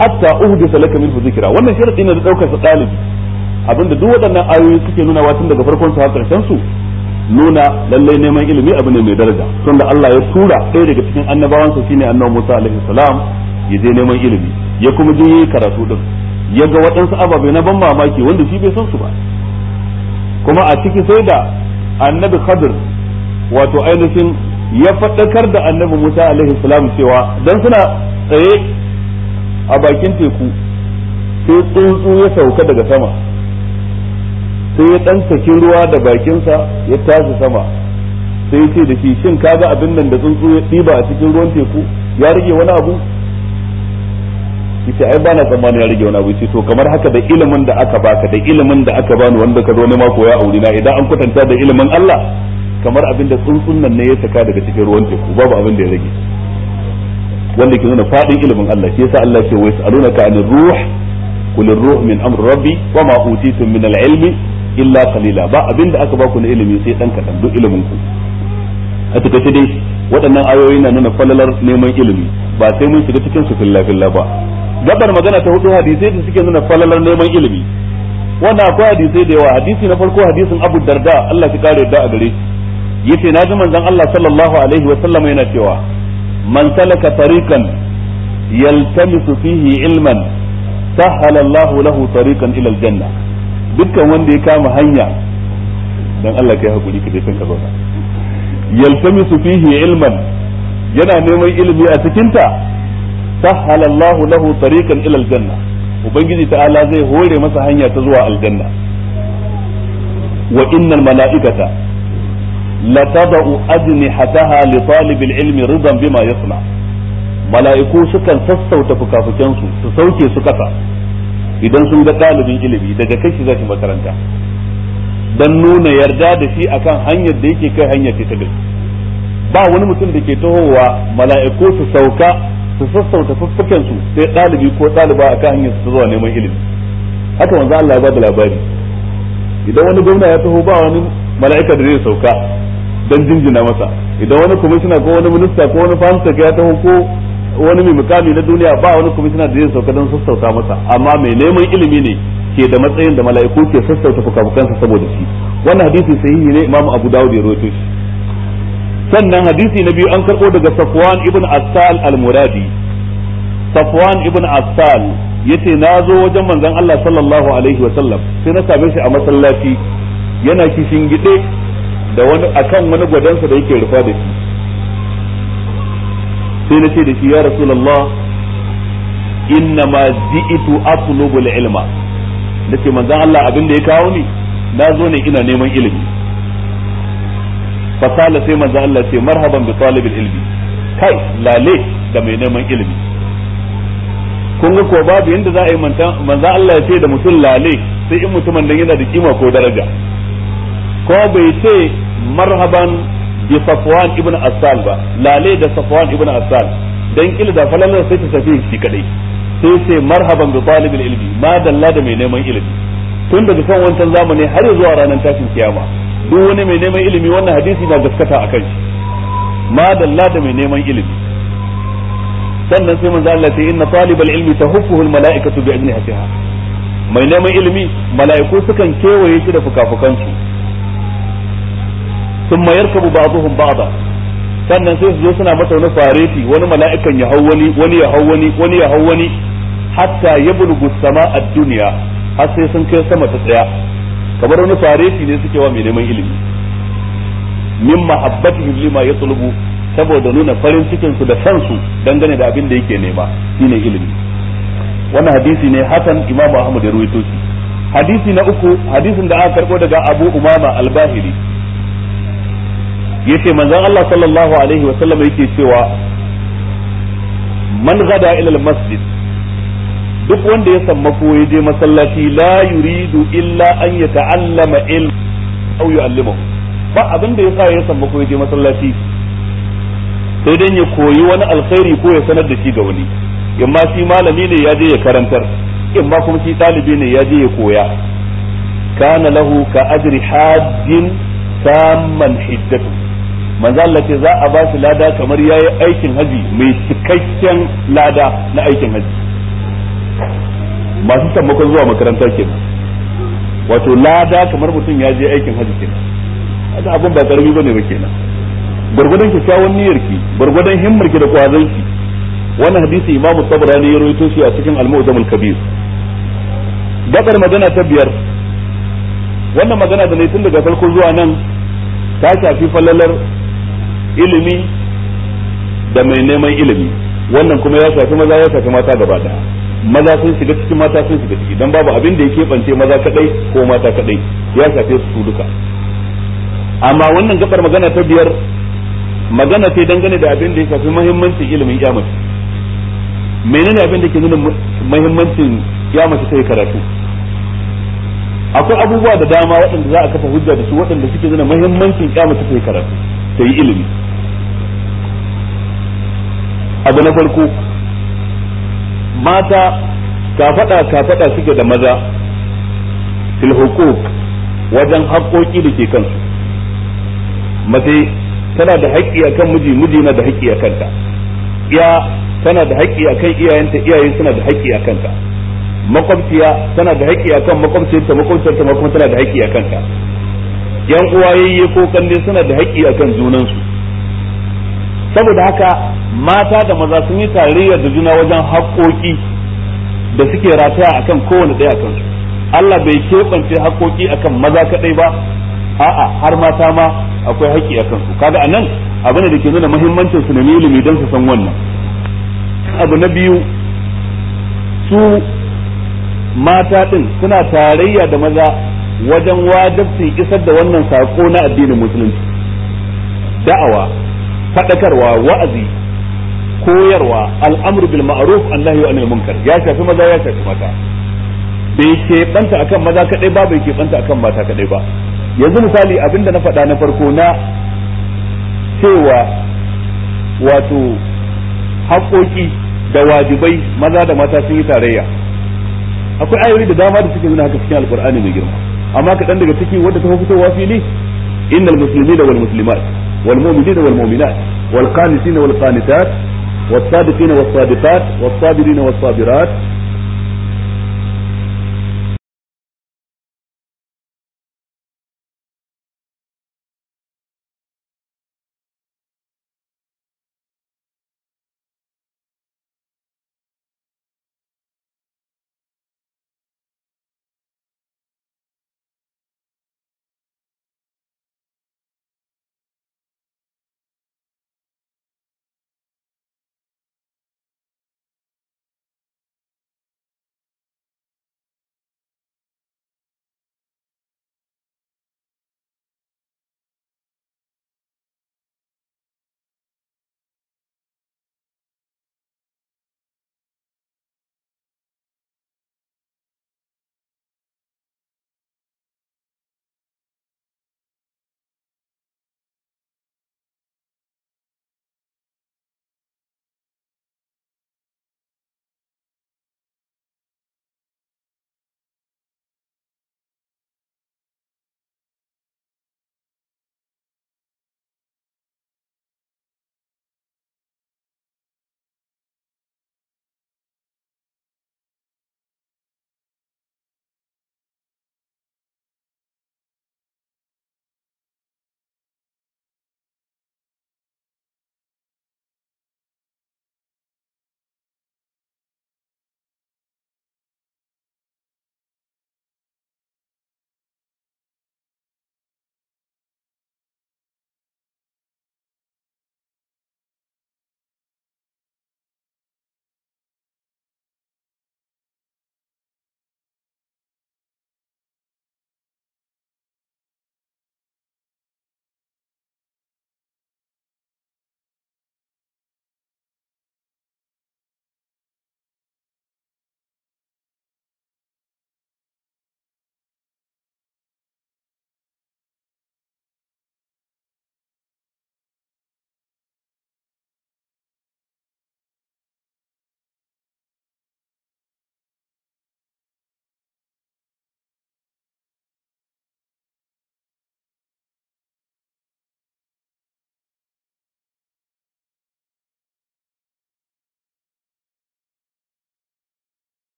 hatta uhdisa laka minhu dhikra wannan sharadi ne da daukar sa dalibi abinda duk waɗannan ayoyi suke nuna wa tun daga farkon su har karshen su nuna lallai neman ilimi abu ne mai daraja tunda Allah ya tura ɗaya daga cikin annabawansa shine annabi Musa alaihi salam ya je neman ilimi ya kuma je yi karatu din ya ga waɗansu ababe na ban mamaki wanda shi bai san su ba kuma a ciki sai da annabi Khadir wato ainihin ya faɗakar da annabi Musa alaihi salam cewa dan suna tsaye a bakin teku sai tsuntsu ya sauka daga sama sai ya dan saki ruwa da bakinsa ya tashi sama sai ya ce da shi shin kaga abin nan da tsuntsu ya ɗiba a cikin ruwan teku ya rage wani abu ita ai ba na tsammani ya rage wani abu ce to kamar haka da ilimin da aka baka da ilimin da aka bani wanda ka zo ne ya aure na idan an kwatanta da ilimin Allah kamar abin da tsuntsun nan ne ya saka daga cikin ruwan teku babu abin da ya rage wanda ke nuna fadin ilimin Allah shi yasa Allah ce wa yasalunaka anir ruh qul ruh min amri rabbi wa ma utitum min al-ilmi illa qalila ba abinda aka baku na ilimi sai dan kadan duk ilimin ku a dai waɗannan ayoyi na nuna falalar neman ilimi ba sai mun shiga cikin su filla filla ba gabar magana ta hudu hadisai da suke nuna falalar neman ilimi wannan akwai hadisai da yawa hadisi na farko hadisin Abu Darda Allah ya kare da a gare yace na ji manzon Allah sallallahu alaihi wa sallam yana cewa man salaka tariqan yaltamisu fihi ilman sahala Allahu lahu tariqan ila aljanna dukkan wanda ya kama hanya dan Allah kai hakuri ka je ka zauna yaltamisu fihi ilman yana neman ilimi a cikin ta sahala Allah lahu tariqan ila aljanna ubangiji ta'ala zai hore masa hanya ta zuwa aljanna wa innal mala'ikata la tada'u ajnihataha li talibil ilmi ridan bima yasna mala'iku sukan sassauta fukafukansu su sauke su kasa idan sun ga ɗalibin ilimi daga kai shi zai makaranta dan nuna yarda da shi akan hanyar da yake kai hanyar ta gari ba wani mutum da ke tahowa mala'iku su sauka su sassauta fuffuken su sai ɗalibi ko ɗaliba akan hanyar su zuwa neman ilimi haka manzo Allah ya ba da labari idan wani gwamna ya taho ba wani mala'ika da zai sauka dan jinjina masa idan wani kwamishina ko wani minista ko wani famsa ya taho ko wani mai mukami na duniya ba wani kwamishina da zai sauka don sassauta masa amma mai neman ilimi ne ke da matsayin da mala'iku ke sassauta fukafukansa saboda shi wannan hadisi sahihi ne imamu abu dawud ya rawaito shi sannan hadisi na biyu an karbo daga safwan ibn asal al-muradi safwan ibn asal yace na zo wajen manzon Allah sallallahu alaihi wa sallam sai na same shi a masallaci yana kishin gide da wani akan wani gwadansa da yake rufa da shi sai na ce da shi ya rasulullah inna ma ji'itu atlubu ilma nace manzon Allah abin da ya kawo ni na zo ne ina neman ilimi fasala sai manzon Allah ce marhaban bi talibil ilmi kai lale da mai neman ilimi kun ga ko babu yadda za a yi manzon Allah ya ce da mutum lale sai in mutumin nan yana da kima ko daraja ko bai ce marhaban bi safwan ibn asal ba lale da safwan ibn asal dan kila da falalar sai ta tafi shi kadai sai sai marhaban bi talibil ilmi ma dalla da mai neman ilimi tun daga kan wancan zamani har zuwa ranar tashin kiyama duk wani mai neman ilimi wannan hadisi na gaskata akan shi ma dalla da mai neman ilimi sannan sai manzo Allah sai inna talibal ilmi tahuffuhu al mala'ikatu bi ajnihatiha mai neman ilimi mala'iku sukan kewaye shi da fukafukansu thumma yarkabu ba'dhum ba'da sannan sai su zo suna masa wani fareti wani mala'ikan ya hau wani wani ya hau wani wani ya hau wani hatta ya bulgu sama a duniya har sai sun kai sama ta tsaya kamar wani fareti ne suke wa mai neman ilimi min ilima ya tsulubu saboda nuna farin cikin su da su dangane da abin da yake nema shine ilimi wannan hadisi ne hasan imamu ahmad ya ruwaito shi hadisi na uku hadisin da aka karbo daga abu umama al-bahili yace manzon Allah sallallahu alaihi wa sallam yake cewa man gada ilal masjid duk wanda ya sammako ya je masallaci la yuridu illa an yata'allama ilm aw yu'allimahu ba abin da yasa ya sammako ya je masallaci sai dan ya koyi wani alkhairi ko ya sanar da shi ga wani imma shi malami ne ya je ya karantar imma kuma shi ɗalibi ne ya je ya koya kana lahu ka ajri hajjin tamman hiddatu manzo Allah ce za a ba shi lada kamar yayi aikin haji mai cikakken lada na aikin haji masu sammakon zuwa makaranta kenan wato lada kamar mutum ya je aikin haji kenan haka abin ba karami bane ba kenan gurgudan kyakkyawan niyyarki gurgudan ki da kwazanki wannan hadisi imamu tabrani ya rawaito shi a cikin al-mu'jam al-kabir gabar magana ta biyar wannan magana da ne tun daga farko zuwa nan ta shafi falalar ilimi da mai neman ilimi wannan kuma ya shafi maza ya shafi mata gaba daya maza sun shiga cikin mata sun shiga ciki don babu abin da ya keɓance maza kadai ko mata kadai ya shafe su duka amma wannan gabar magana ta biyar magana ce dangane da abin da ya shafi muhimmancin ilimin kiyamata menene abin da ke nuna muhimmancin ta yi karatu akwai abubuwa da dama waɗanda za a kafa hujja da su waɗanda suke nuna muhimmancin ta yi karatu ta yi ilimi abu na farko mata kafada kafada suke da maza fil hukuk wajen haƙoƙi da ke kansu mace tana da haƙƙi akan miji miji na da haƙƙi a kanta iya tana da haƙƙi akan iyayenta iyaye suna da haƙƙi a kanta makwabciya tana da haƙƙi akan makwabciyarta makwabciyarta makwabciyarta tana da haƙƙi a kanta yan uwa yayye ko kanne suna da haƙƙi akan junansu saboda haka mata da maza sun yi tarayya da juna wajen haƙƙoƙi da suke rataya akan kowane ɗaya akan su Allah bai keɓance haƙƙoƙi akan maza kaɗai ba a'a har mata ma akwai haƙƙi akan su kaga anan abin da ke nuna muhimmancin su ne ilimi don su san wannan abu na biyu su mata ɗin suna tarayya da maza wajen wajabci isar da wannan sako na addinin musulunci da'awa faɗakarwa wa'azi koyarwa al'amru bil ma'ruf annahi anil munkar ya shafi maza ya shafi mata bai ke banta akan maza kaɗai ba bai ke banta akan mata kaɗai ba yanzu misali abinda na faɗa na farko na cewa wato haƙoƙi da wajibai maza da mata sun yi tarayya akwai ayoyi da dama da suke nuna haka cikin Alƙur'ani mai girma amma kaɗan daga ciki wadda ta fitowa fili innal muslimina wal muslimat wal mu'minina wal mu'minat wal qanitina wal qanitat والصادقين والصادقات والصابرين والصابرات